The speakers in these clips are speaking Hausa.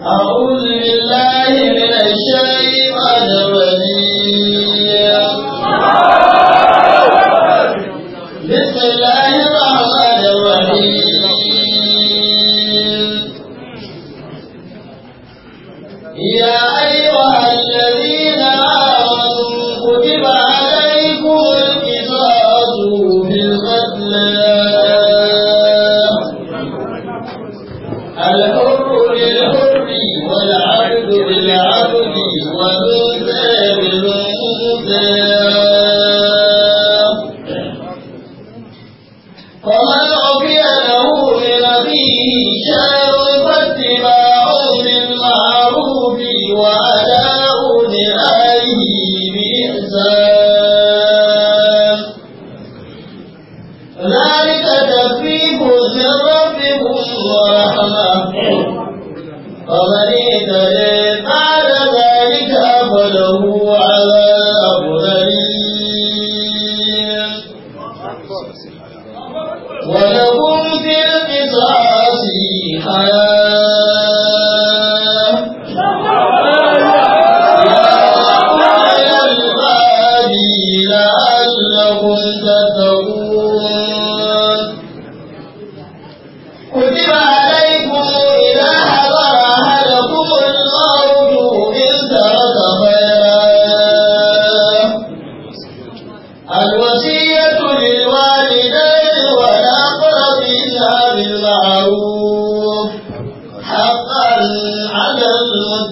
أعوذ بالله Jesus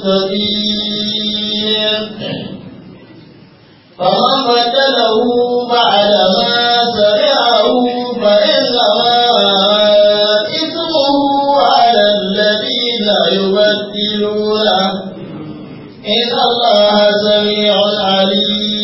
سبيل فمن بدله بعد ما سمعه فإنما إثمه على الذين يبدلونه إن الله سميع عليم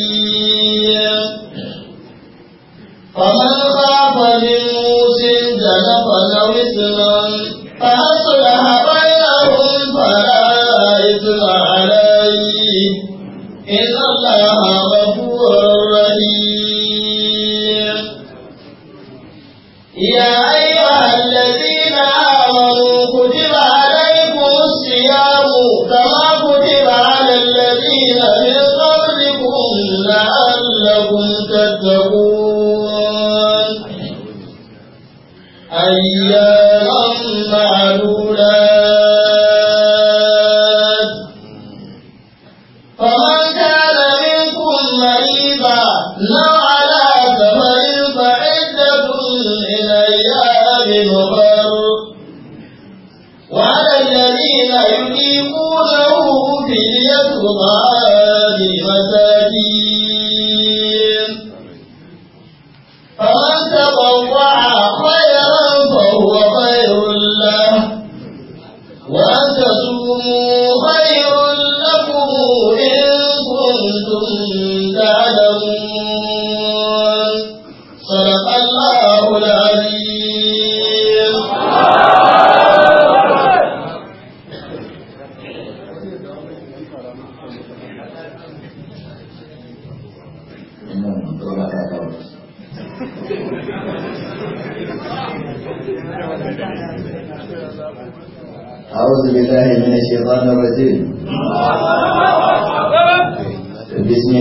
Now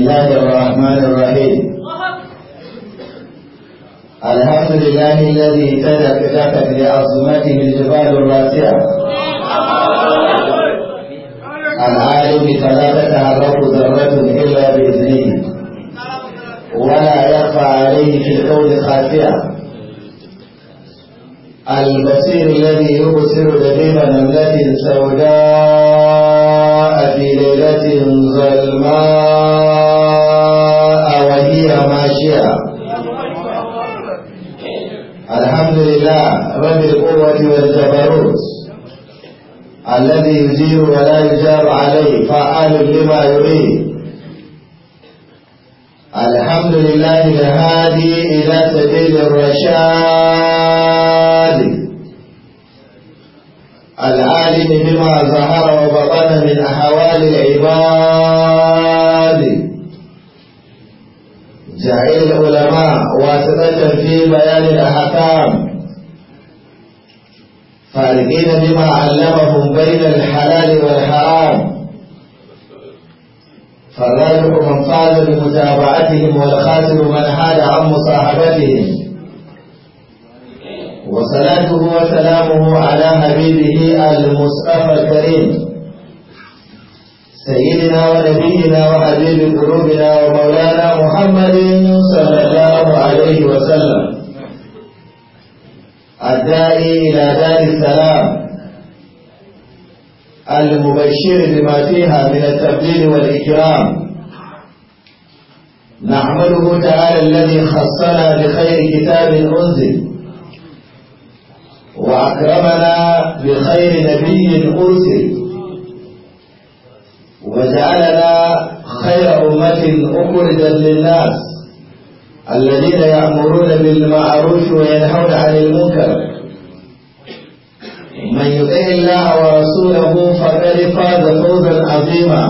الله الرحمن الرحيم الحمد لله الذي تدكتكت بعظمته الجبال الراسعة العالم فلا تتحرك ذرة إلا بإذنه ولا يخفى عليه في الكون خافية البصير الذي يبصر دبيب نملة سوداء في ليلة ظلماء وهي ماشية الحمد لله رب القوة والجبروت الذي يجير ولا يجار عليه فعال لما يريد الحمد لله الهادي إلى سبيل الرشاد العالم بما ظهر وبطن من أحوال العباد جعل العلماء واسطة في بيان الأحكام فارقين بما علمهم بين الحلال والحرام فذلك من قال بمتابعتهم والخاسر من حال عن مصاحبتهم وصلاته وسلامه على حبيبه المصطفى الكريم سيدنا ونبينا وحبيب قلوبنا ومولانا محمد صلى الله عليه وسلم الداعي إلى دار السلام المبشر بما فيها من التبديل والإكرام نحمده تعالى الذي خصنا بخير كتاب أنزل وأكرمنا بخير نبي أرسل وجعلنا خير أمة أخرجت للناس الذين يأمرون بالمعروف وينهون عن المنكر من يطع الله ورسوله فقد فاز فوزا عظيما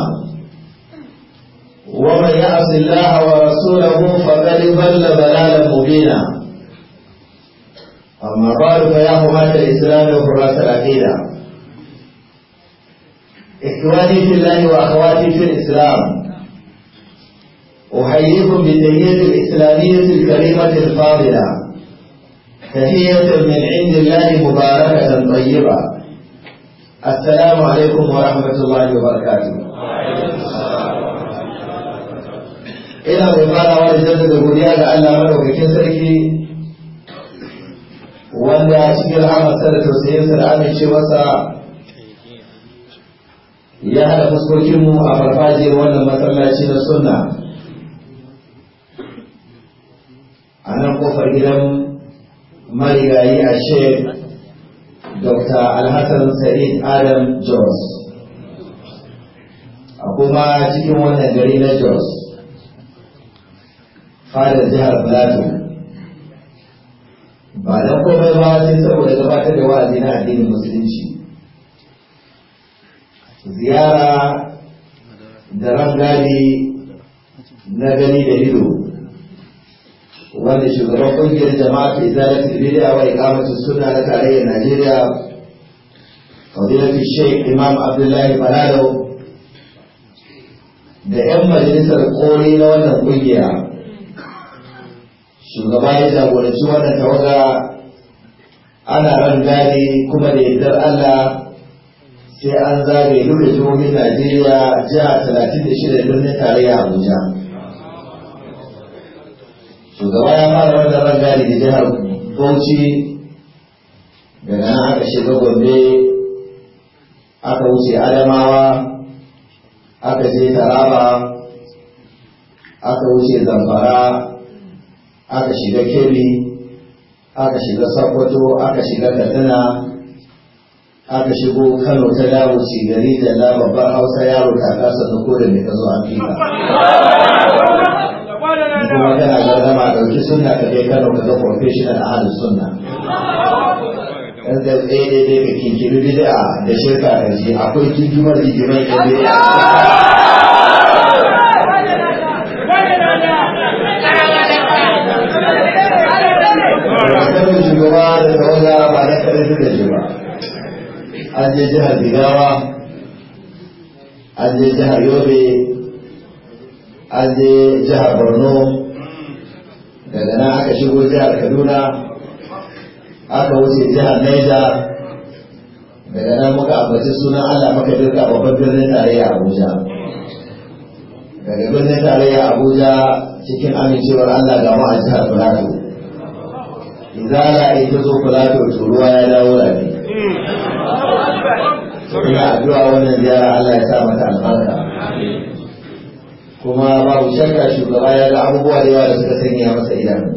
ومن يعص الله ورسوله فقد ضل بل ضلالا مبينا أما بعد فيا حماة الإسلام وحراس العقيدة إخواني في الله وأخواتي في الإسلام أحييكم بالتهية الإسلامية الكريمة الفاضلة تهية من عند الله مباركة طيبة السلام عليكم ورحمة الله وبركاته ina mai fara قال jaddada godiya يا لعل madaukakin sarki wanda cikin rahamarsa da tausayinsa da wasa ya haɗa fuskokinmu a farfaje wannan masallaci na sunna a nan kofar gidan marigayi a shek dr alhassan sa'id adam jos a kuma cikin wannan gari na jos fadar jihar plateau ba don komai ba sai saboda gabatar da wa'azi na addinin musulunci ziyara da rangadi na gani da ido wanda shugaban kungiyar jama'a ta izalata bidiya wa ikamatu suna na tarayyar najeriya fadilatu sheikh imam abdullahi balado da 'yan majalisar kori na wannan kungiya shugaba ya jagoranci wannan tawaga ana ran gadi kuma da yardar Allah sai an zabe duk da jihohin Najeriya jiha talatin da shida birnin tarayya Abuja. Shugaba ya fara wannan ran gadi da jihar Bauchi daga nan aka shiga Gombe aka wuce Adamawa aka je Taraba aka wuce Zamfara aka shiga kebbi aka shiga sakwato aka shiga katsina aka shigo kano ta dawo gari da na babban hausa yaro ta kasa da kore mai ka zo a kika kuma gargama a ɗauki suna, ka kai kano ka ga professional a halin suna. da tsaye daidai ka kinkiri bid'a da shirka da shi akwai kinkimar jijimai da bid'a wannan da tawalla ba na kare su da shi ba an je jihar jigawa an je jihar yobe an je jihar borno daga nan aka shigo jihar kaduna aka wuce jihar naija daga nan muka ambaci sunan allah muka duka babban birnin tarayya abuja daga birnin tarayya abuja cikin amincewar allah ga mu a jihar izala ita ta zo kula to ruwa ya dawo rafi ina addu'a wannan ziyara Allah ya sa mata albarka kuma babu shakka shugaba ya ga abubuwa da yawa da suka sanya masa idanu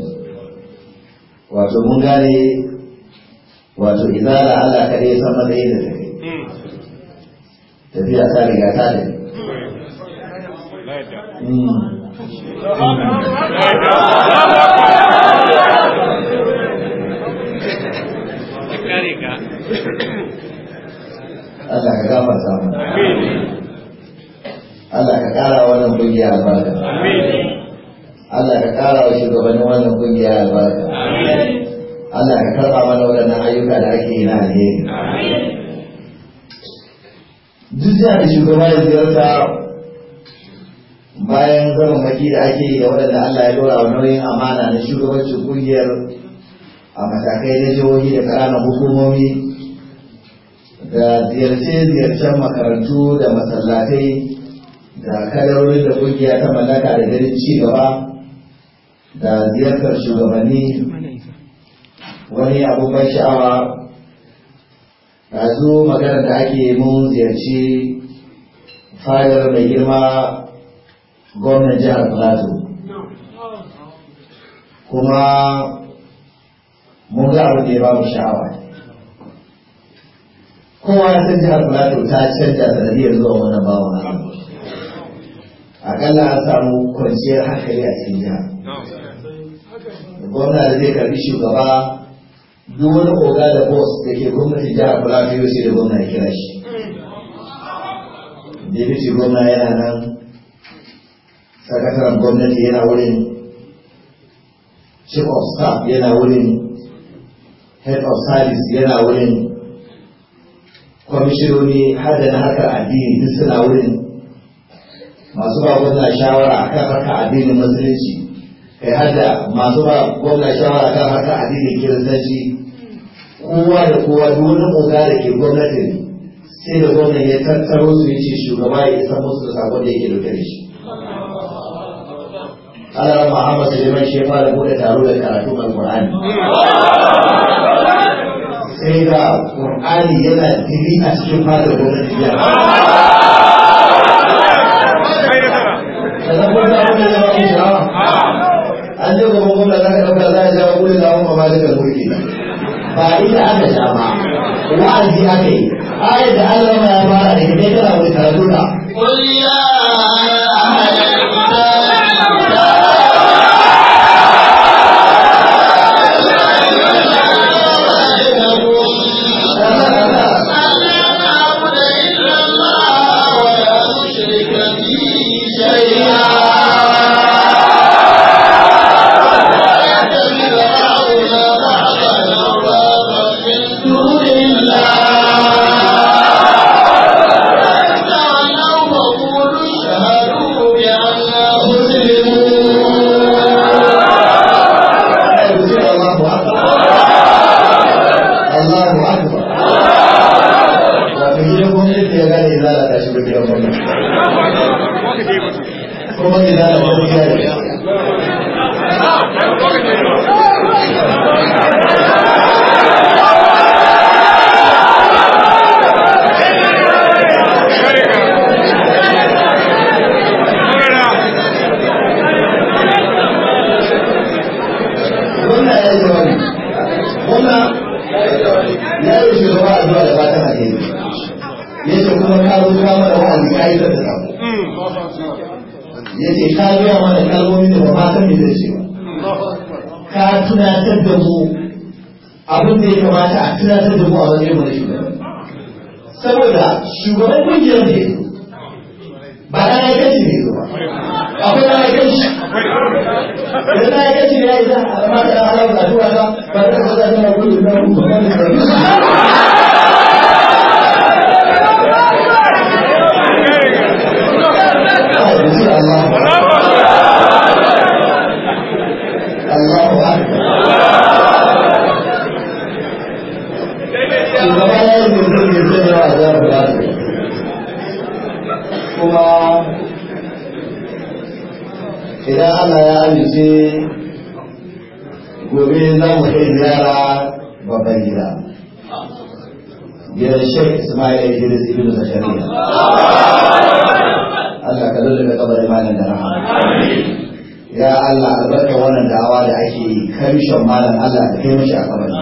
wato mun gane wato izala Allah kare ya san matsayin da take tafiya ta riga ta da hmm. ne gafarta amin Allah ka kara wannan kungiya albarka Allah ka kara wa shugabannin wannan kungiya albarka Allah ka karba mana wannan ayyuka da ake yi na alheri duk da shugaba ya ziyarta bayan zaman maki da ake yi da waɗanda Allah ya dora wa nauyin amana na shugabancin kungiyar a matakai na jihohi da ƙananan hukumomi da ziyarce-ziyarcen makarantu da masallatai da kadarorin da kungiya ta mallaka da ganin ci gaba da ziyartar shugabanni wani abubuwan sha'awa yanzu maganar da ake mun ziyarci fayar mai girma gwamnan jihar plateau kuma mun ga abu da ya ba mu sha'awa kowa ya san jihar plateau ta canja sanadiyar zuwa wannan bawan Allah akalla an samu kwanciyar hankali a cikin jihar gwamna da zai karbi shugaba duk wani oga da bos da ke gwamnatin jihar plateau yau sai da gwamna ya kira shi deputy gwamna yana nan sakataren gwamnati yana wurin chief of staff yana wurin head of service yana wurin kwamishinoni har da na harkar addini duk suna wurin masu ba gwamna shawara kan harkar addinin musulunci kai har da masu ba gwamna shawara kan harkar addinin kiristanci kowa da kowa duk wani oga da ke gwamnatin sai da gwamna ya tattaro su yace ce shugaba ya isa musu da sakon da yake dauke da shi Allah Muhammad Sulaiman shi ya fara bude taro da karatun Al-Qur'ani. sai da ƙur'ani yana dili a cikin fadar gwamnati ya sannan kuma ta wani zama an je gaba gwamna za ka ɗauka za a sha wani zama ma ba daga mulki ba aka ba wa'azi aka yi da Allah ya fara da kai kana wani karatu san me zai ce ka tunatar da mu abin da ya kamata a tunatar da mu a wajen mu shugaban saboda shugaban kungiyar ne ba na ya gaji ne ba akwai na ya gaji idan na ya gaji ne ya yi za a ma da ala ba duwa ba ba da ka Allah gida gidan shek ismail idris ibn zakariya Allah ka lullu da kabarin malam da rahama ya Allah albarka wannan da'awa da ake yi karshen malam Allah da kai mashi a kabarin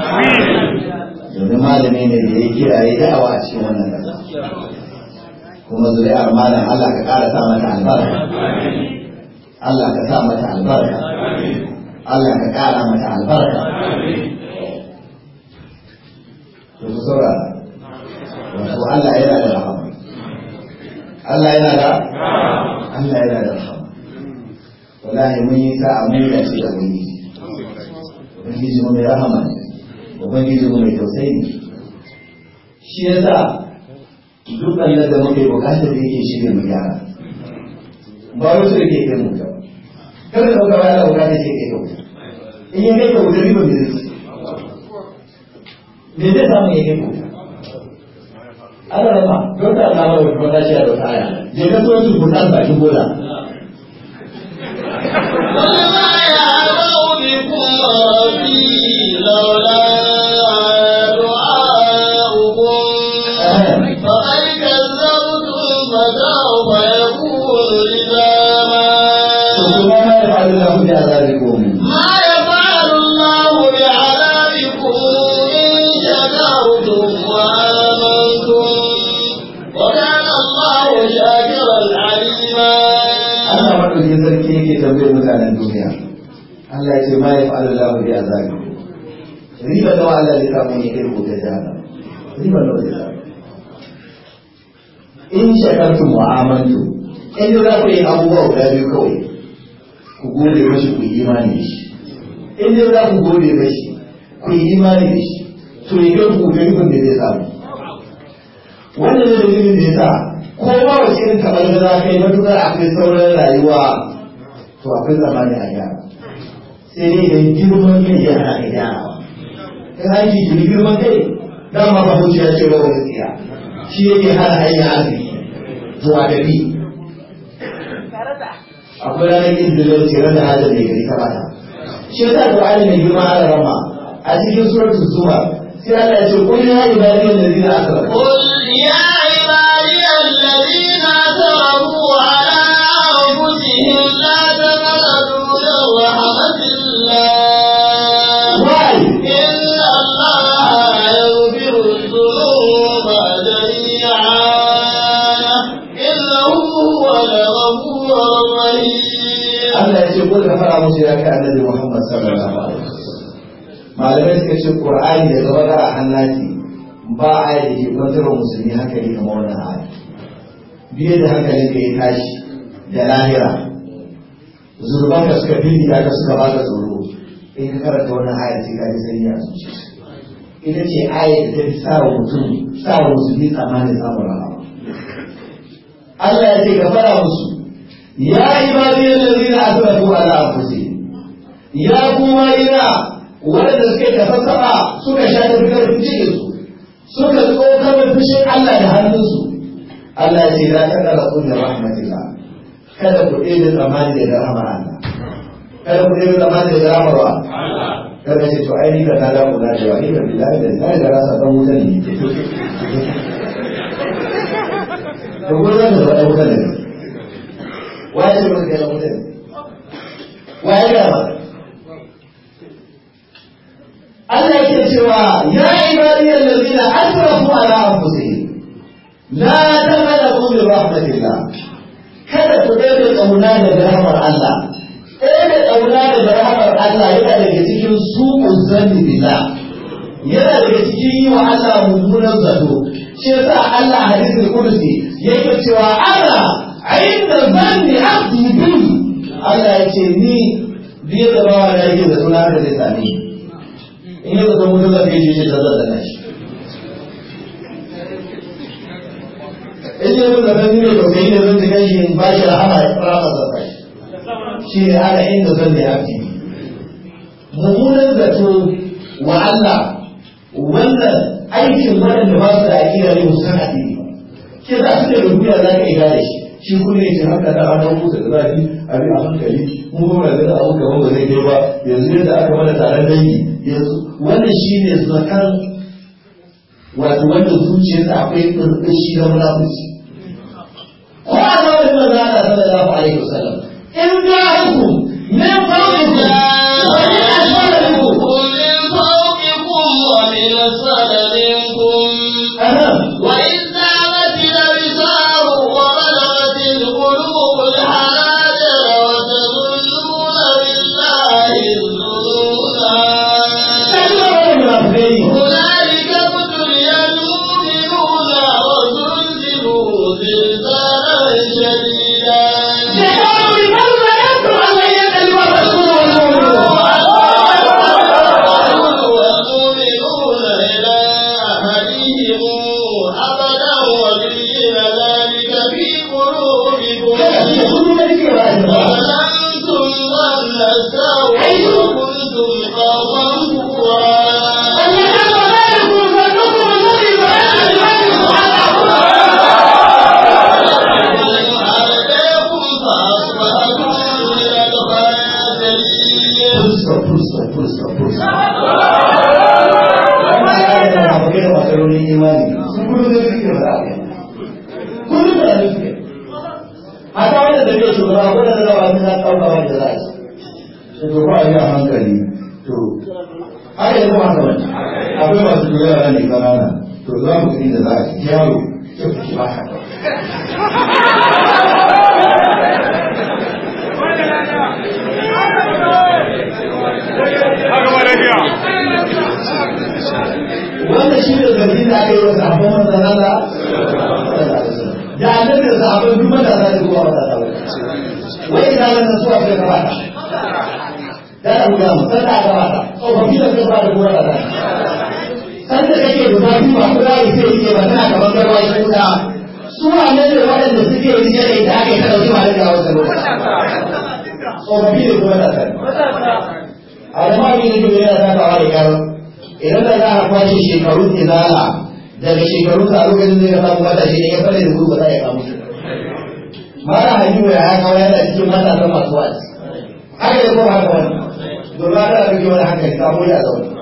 domin malami ne da ya kira ya da'awa a cikin wannan ƙasa kuma zuri'ar malam Allah ka ƙara sa mata albarka Allah ka sa mata albarka Allah ka ƙara mata albarka to su saurara wato Allah yana da rahama Allah yana da Allah yana da rahama wallahi mun yi ta amina ce da wani ubangiji mu mai rahama ne ubangiji mu mai tausayi ne shi yasa duk Allah da muke bukata da yake shi ne mu gyara ba wasu da ke kai mu ta kada ka ga Allah bukatar ce ke kai in ya kai ka wuta riba ne မြေသက်ဆောင်နေနေအဲ့ဒါမှဒုက္ခနာလို့ဒုက္ခချက်လို့ထားရတယ်မြေသက်ဆိုသူဘုရားပါယူလို့လားဘုရားရာတော်ဒီပေါ်ဒီလောလာ ce ma ya fa'ala lahu bi azabi riba da wala da kamun ne irin da jahannam riba da zai samu in shakartu mu'amantu in da za ku yi abubuwa guda biyu kawai ku gode mashi ku yi imani da shi in da za ku gode mashi ku yi imani da shi to yi kan ku gani kun da zai samu wannan ne dalilin da ya sa kowa wace irin kamar da za ka yi matuƙar akwai sauran rayuwa to akwai zamani a gyara sai dai da girman kai ya hana kai gyarawa in an ji da girman kai dama ba mu ciya ce ba wani tsiya shi yake hana hanyar arziki zuwa gari akwai ranar yin da zai tsira da hajar da gari ta bata shi ya sa da wani mai girma ala rama a cikin suratul zuwa sai Allah ya ce kun ya ibadi allazina asrafu qul ya ibadi allazina asrafu ala wuce annabi Muhammad sallallahu alaihi wasallam malamai suka ce Qur'ani da zama da hannati ba a da ke kwantarar musulmi ne kamar wannan hali biye da hankalin ka ya tashi da lahira zurban ka suka bibi da ka suka baka tsoro in ka karanta wannan ayar sai ka ji sanyi a zuci ita ce ayar da ta sa wa mutum sa musulmi tsammanin samun rahama Allah ya ce ka fara musu يا عبادي الذين أسرفوا على أنفسهم ya kuma ina wadanda suka yi tafasaba suka sha tafi karfin cikinsu suka tsokar da fushin Allah da hannunsu Allah ce za ta ɗara kun da rahmatillah kada ku da tsammani da rahama Allah kada ku da tsammani da rahama wa kada ce to ainihin da kada mu dace wa ina billahi da zai da rasa ɗan wutan ne da gudunar da zaɓen wutan ne wa ya ce ba su wutan ne wa ya gaba Allah yake cewa ya ibadiyal ladina asrafu ala anfusihim la taqnatu min rahmatillah kada ku daina kauna da rahmar Allah daina kauna da rahmar Allah yana daga cikin su'ul zanni billah yana daga cikin yi wa Allah mummunan zato shi yasa Allah hadisin kursi yake cewa Allah inda zanni abdi bi Allah ya ce ni biye da bawa da yake da suna da zai in ya zama mutum zai yi shi zan zan shi in ya zama zan yi da kai ne zan tuka shi ba shi rahama ya fara zaka shi shi ne ana inda zan da yafi mummunan zato wa Allah wannan aikin waɗanda ba su da aƙira ne su san addini ba ke za su da rubuya za ka iya da shi shi kuma ya ce haka da ranar mutu da zafi abin a hankali mu kuma na ganin abin gaban ba zai kai ba yanzu yadda aka mana taron dangi yanzu wannan shi ne zakan wato wanda zuciyarsa akwai shi na munafiki Kuma a zama da manzo Allah sallallahu alaihi wasallam in ba hukum min ba to za da za a yaro shi ne da da wai ina gabata a gabata fara da sanda kake da zafi ba kowa ya sai ke ba tana gaban garwa ya kuta su wannan da waɗanda suke yi da ita aka yi ta ɗauki malin da wasu tsofaffi da kuma tasar a da mafi ne kuma yana takawa da yaro idan da za a kwashe shekaru izala daga shekaru a lokacin zai samu mata shi ne ya fara da gudu ba za ya samu shi mara hajjiwa ya haka yana cikin matasan masu wa'azi haka ya kuma haka wani domin ana rage wani hankali samu ya zaune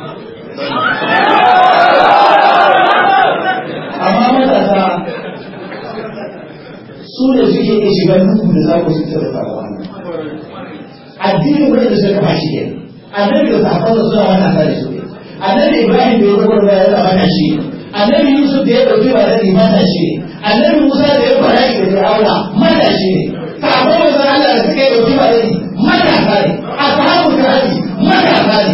amma matasa su da suke iya shiga duhu da za ku su tsara tsawa addinin wani da suka fashi ne annabi da sahabban da suna wani asali su ne annabi ibrahim da ya gwagwar da ya zama na shi annabi yusuf da ya ɗauki ba da limata shi ne annabi musa da ya fara da ma mata shi ne sahabban da Allah da suka yi ɗauki ba da matasa ne ashabu tarihi matasa ne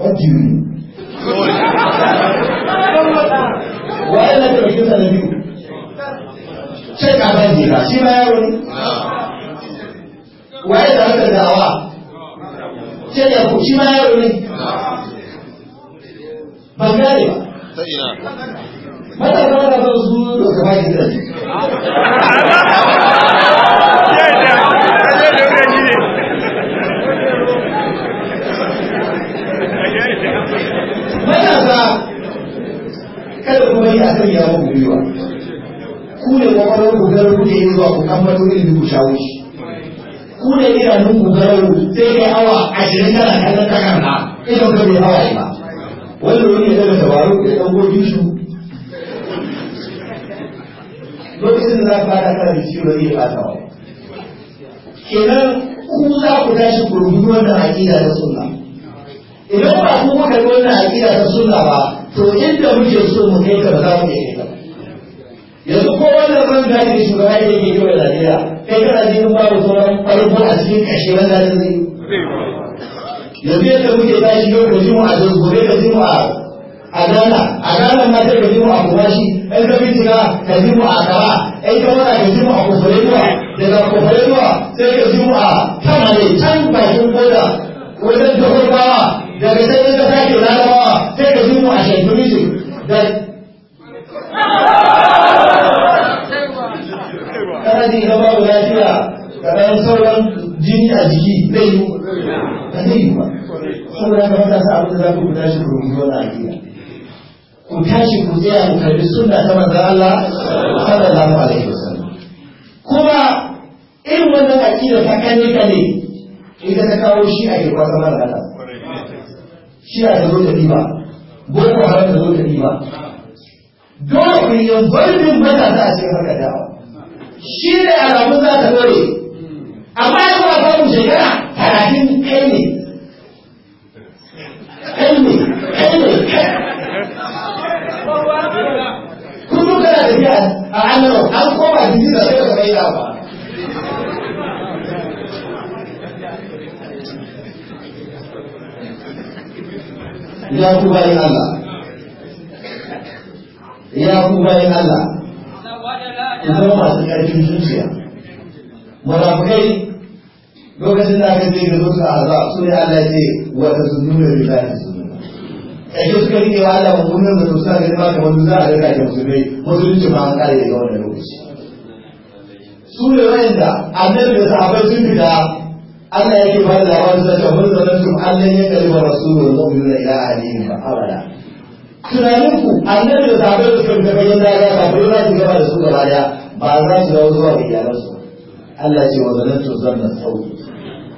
what do you mean wa da biyu sai ka ban jira shi yaro ne wa ya da dawa sai ya ku shi yaro ne ban gane ba mata zama da ban da da ashirin ka bai ba wanda wani ɗan su lokacin da za fara ne ba kenan ku za ku tashi ku rubuta wannan sunna idan ba ku wannan ta sunna ba to inda muke so mu kai ka za mu ba yanzu ko wannan da ake shugaba da yake yi wa Najeriya kai babu sauran farko a cikin kashe wanda zai yanzu yadda muke tashi yau ka ji mu a zan gobe ka ji mu a A adana ma sai ka ji mu a kumashi ɗan ka bincika ka ji mu a kawa ɗan ka wata ka ji mu a kofarewa daga kofarewa sai ka ji mu a tamale can bakin koda wajen tafarkawa daga sai ka sake lalawa sai ka ji mu a shaifin mijin kana jin ka babu lafiya ka ɗan sauran jini a jiki zai yi ba zai yi ba saboda haka matasa abin da za ku tashi ku rubuta wani aƙida ku tashi ku tsaya ku karbi suna ta manzon Allah sallallahu alaihi wasallam kuma irin wannan aƙida ta kane kane idan ta kawo shi a yi kwasa mara shi a zo da riba boko haram da zo da riba dole ku yi yanzu matasa a cikin harkar dawa shi ne alamun za ta dore amma ya kuma samun shekara talatin kai ne kai ne kai ne kudu kana da biya a hannun an koma jiki da sai da kai ba ya ku bayan Allah ya ku bayan Allah ku zama masu ƙarfin zuciya munafukai lokacin da aka ce ga zo su azab su ne Allah ce wata sun nuna ta sun nuna ƙashe suka rike wa Allah mummunan da sosai ga ba kamar za a rika ke musulmai musulunci ma an kare daga wannan lokaci su ne wayanda annabi da sahabbai sun fita Allah yake ba da labarin sa kamar zanantum Allah ya kalma rasulul mu'minuna ya ahlihim fa abada tunanin ku annabi da sahabbai da sun fita bayan da ya sahabbai za su gaba da su gaba daya ba za su zo zuwa ga iyalansu Allah ce wa zanantum zanna sauki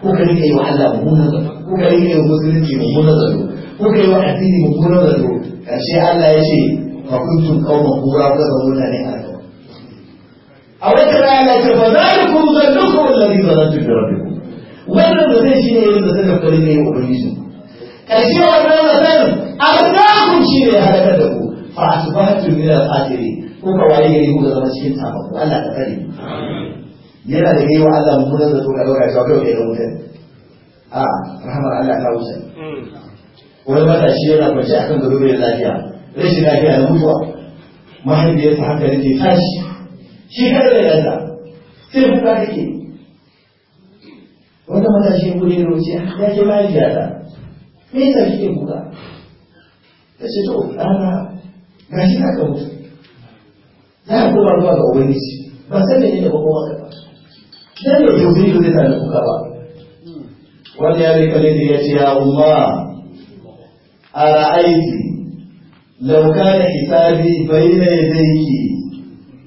kuka rike yi wa Allah mummunan zato kuka rike yi wa musulunci mummunan zato kuka yi wa addini mummunan zato karshe Allah ya ce fa kuntum qauman kura kuka zama mutane a kan a wata raya Allah ce fa zalikum zannukum alladhi zanantum bi rabbikum wannan da zai shine yin da zaka kare ne ubangiji karshe wannan zaton ne ya haɗa da ku fa asbahtum min al-khasirin kuka waye gari kuka zama cikin sabon Allah ka kare yana da gaiwa Allah mummunan zato ka ɗauka cewa kai da mutum a ah, rahamar Allah ta wuce hmm. wani matashi yana kwance akan gado da lafiya rashi lafiya da mutuwa mahaifiyarsa haka hankali ke tashi shi kada da yadda sai kuka take mata shi ya da wuce ah, ya ke mahaifiyata me yasa kike kuka ta ce to ɗana ga shi haka mutu za a koma zuwa ga ubangiji ba san da ne da kuma dan da tauhidi zai da kuka ba wani ya rika ne da ya ce ya umma a ra'aiti ya umma da بين يديك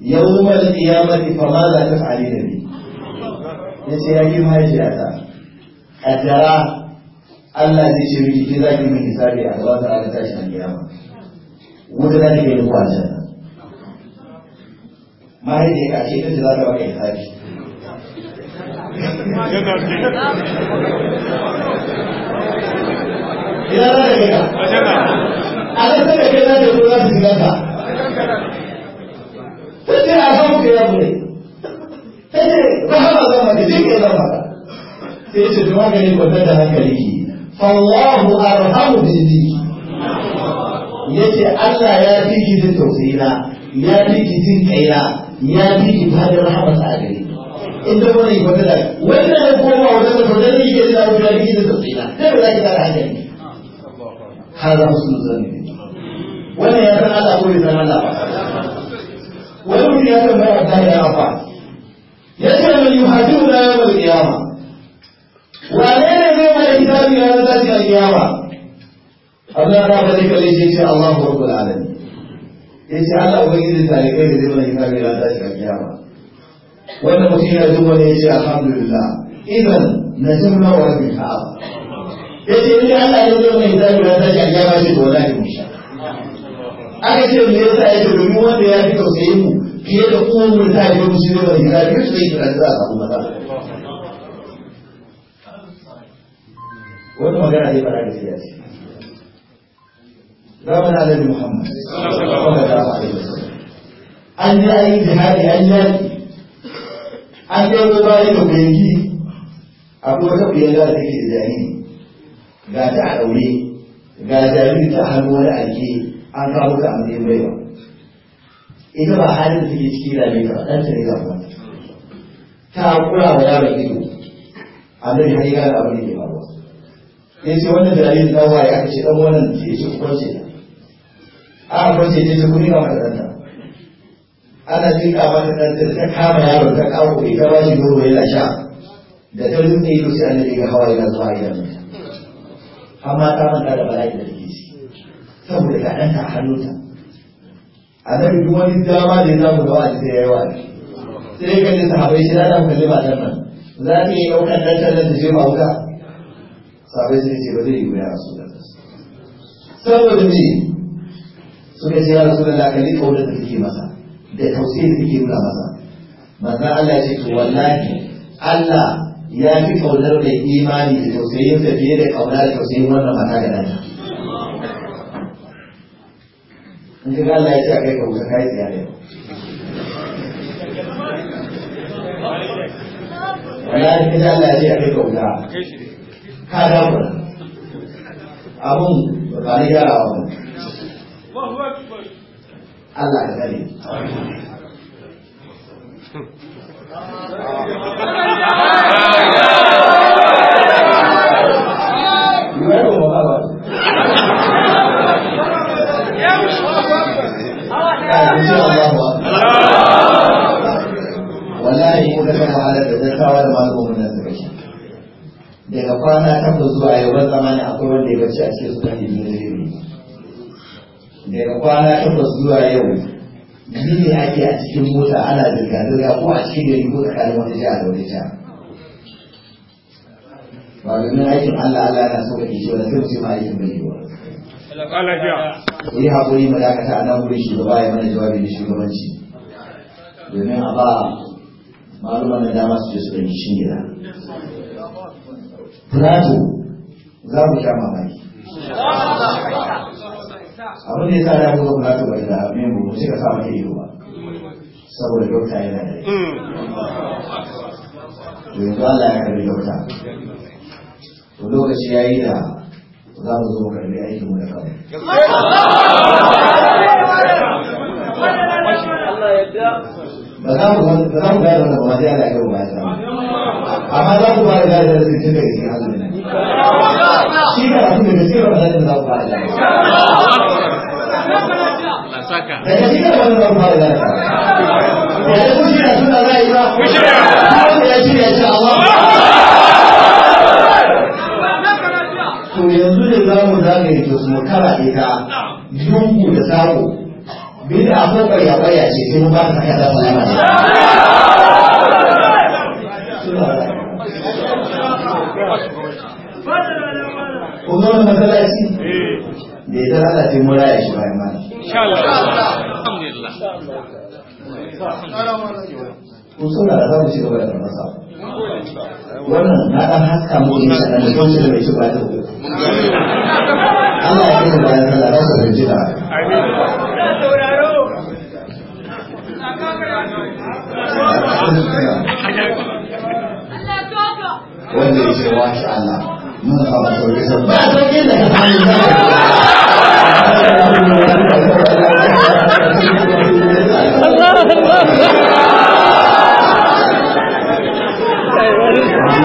يوم القيامة فماذا tsari da ni. ya ce ya ta mahaifiyata kaddara Allah zai ce miki ki zaki min hisabi a ta ta shi tashin kiyama wuta za ta kai ku a can mahaifiyar ka ce ce za ka ka hisabi yana ji ina za ka gina a ƙasar da kai da ruwa su ka wanda ya san ku ya bure sai ba haɓa zama ka jin kai zama ce tuma gani kwatar da hankali ki fallahu arhamu bi ziki yace Allah ya fi ki jin tausayina ya fi ki jin ya fi ki fadin rahmat a gare in ta wani wata da wannan da koma wata da fadar ne ke da abu da ke da tsatsina sai ba za ki tsara hanyar ne har za zan zanne wannan ya san Allah ko ya san Allah ba wani mutum ya san bayan ta ya afa ya ce man yuhajiru la yawmal qiyama wa ne ne zai mai hisabi ya zata shi a kiyama Allah ta ba zai kalle shi ce Allahu rabbul alamin yace Allah ubangiji kai da zai mai hisabi ya zata shi a kiyama wanda mutum yana duba ne ya ce alhamdulillah idan na jimla wa rabin ka'aba ya ce ni Allah ya zo mai zabi ya tashi a gyara shi da wallahi mun sha aka ce me yasa ya ce domin wanda ya fi tausayi mu fiye da kowane ta yi wani shi da mai zabi ya ce kira za a kuma matsala wani magana ne fara gaskiya ce Muhammad an yi jihadi an andiamo bayan da a kuma wata kuyanga da take da jariri ga ta a ɗaure ga jariri ta hannu wani alke an kawo ta a matsayin baiwa ita ba halin da take ciki rame ta ɗan ta ne ga ba ta kura wa yaron ido a har ya ga abu ne ke faruwa, ya ce wannan jariri ta waye aka ce dan wannan ke su kwanci a kwanci ce su kuri a mata ana jika mata nan da ta kama yaro ta kawo kuɗi ta bashi nono ya sha da ta lumbe ido sai annabi ga hawa yana zuwa idan amma ta manta da bala'i da take shi saboda ga ɗanta a hannunta annabi duk wani dama da ya mu da wa'azi sai ya yi wa'azi sai ka ji sahabai shi ya mu kalli ba nan za ka yi ɗaukar ɗan ta ta je ba wuta sahabai sai ce ba zai yi wuya a su da saboda me suka ce ya rasu da lakali kaunar da take masa da tausiri da ke nuna masa manzon Allah ce to wallahi Allah ya fi kaunar da imani da tausayin sa fiye da kauna da tausayin wannan mata da nata in ga Allah ya ce a kai ka wuta kai tsiya ne wallahi in ji Allah ya ce a kai ka wuta ka dawo abun ba ni yara ba Allah ya gare wallahi ko daga wahalar da zartawa da malumin da suka shi daga kwana takwas zuwa yau ban zamani akwai wanda ya bacci a cikin sunan da ne daga kwana takwas zuwa yau ni ne ake a cikin mota ana zirga-zirga ko a cikin gari ko tsakanin wata jiha da wata jiha ba domin aikin Allah Allah yana so kake shi wanda sai ce ma aikin bai ba. yi haƙuri mu dakata a nan wurin shugaba ya mana jawabi da shugabanci domin a ba malumar da dama su ce su ɗauki shi gida Plato za mu sha mamaki abin da ya sa da mu zo na tuba da me mu sai ka sa mace ido ba saboda dokta yana da hmm. to yanzu Allah ya karbi dokta to lokaci yayi da za mu zo mu karbi aikin mu da kanmu ba za mu ba za mu bayar da ba sai Allah ya karbi bayar amma za mu bayar da da cikin da cikin Allah shi ka da cikin da za mu bayar saka da ya shirya wani ban fara za to yanzu da za mu zagaye to su makara ita yungu da sako bin da abokan ya baya ce sai mu ba ta kaya da salama Kuma wani matsalaci da ya zara da taimura ya shi bayan. insha Allah alhamdulillah suna da wannan haska mai shi ba ta Allah ya yi bayan da ya ce wa Allah ba a Allah Allah